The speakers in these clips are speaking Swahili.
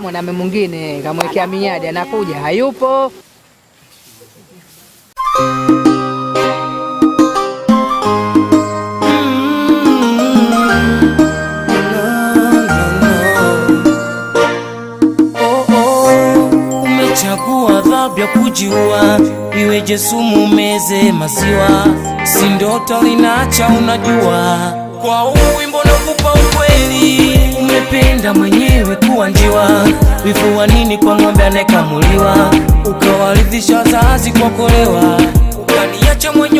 Mwanamume mwingine kamwekea minyadi, anakuja hayupo. Umechagua dhambi ya kujiua, iweje sumu meze maziwa, si ndoto linacha unajua, kwa uwimbo na kupa ukweli Umependa mwenyewe kuwa njiwa, wivu nini kwa ng'ombe anayekamuliwa? Ukawaridhisha wazazi kwa kuolewa, ukaniacha mwenyewe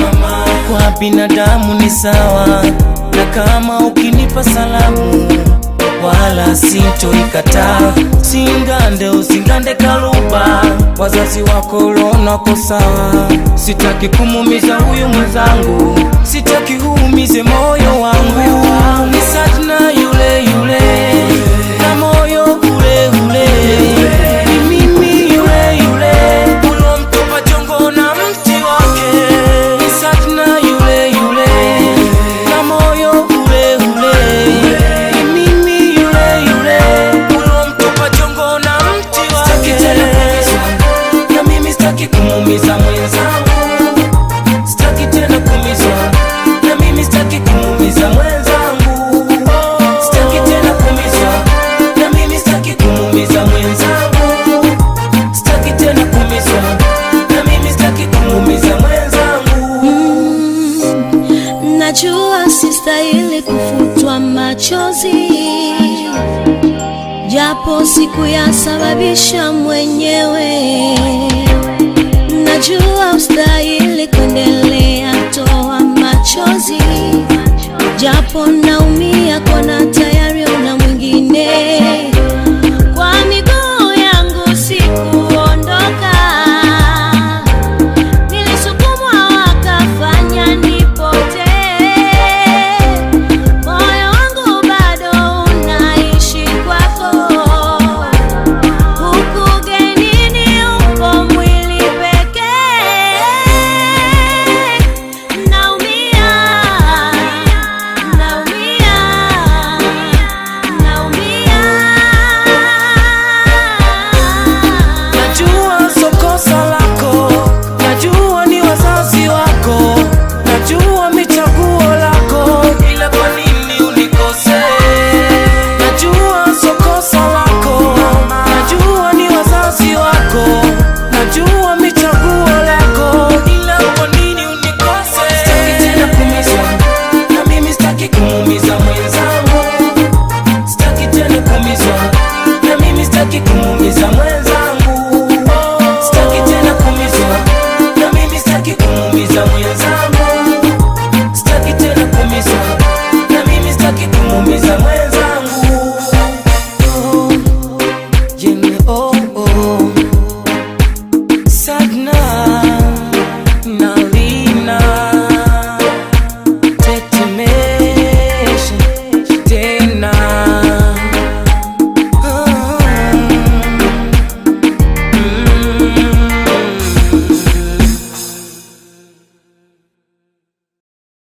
binadamu ni sawa, na kama ukinipa salamu wala sintoikataa. Singande usingande kaluba, wazazi wako ulonako sawa. Sitaki kumumiza huyu mwenzangu, sitaki Najua sistahili kufutwa machozi, japo siku sababisha mwenyewe. Najua ustahili kuendelea, toa machozi, japo naumia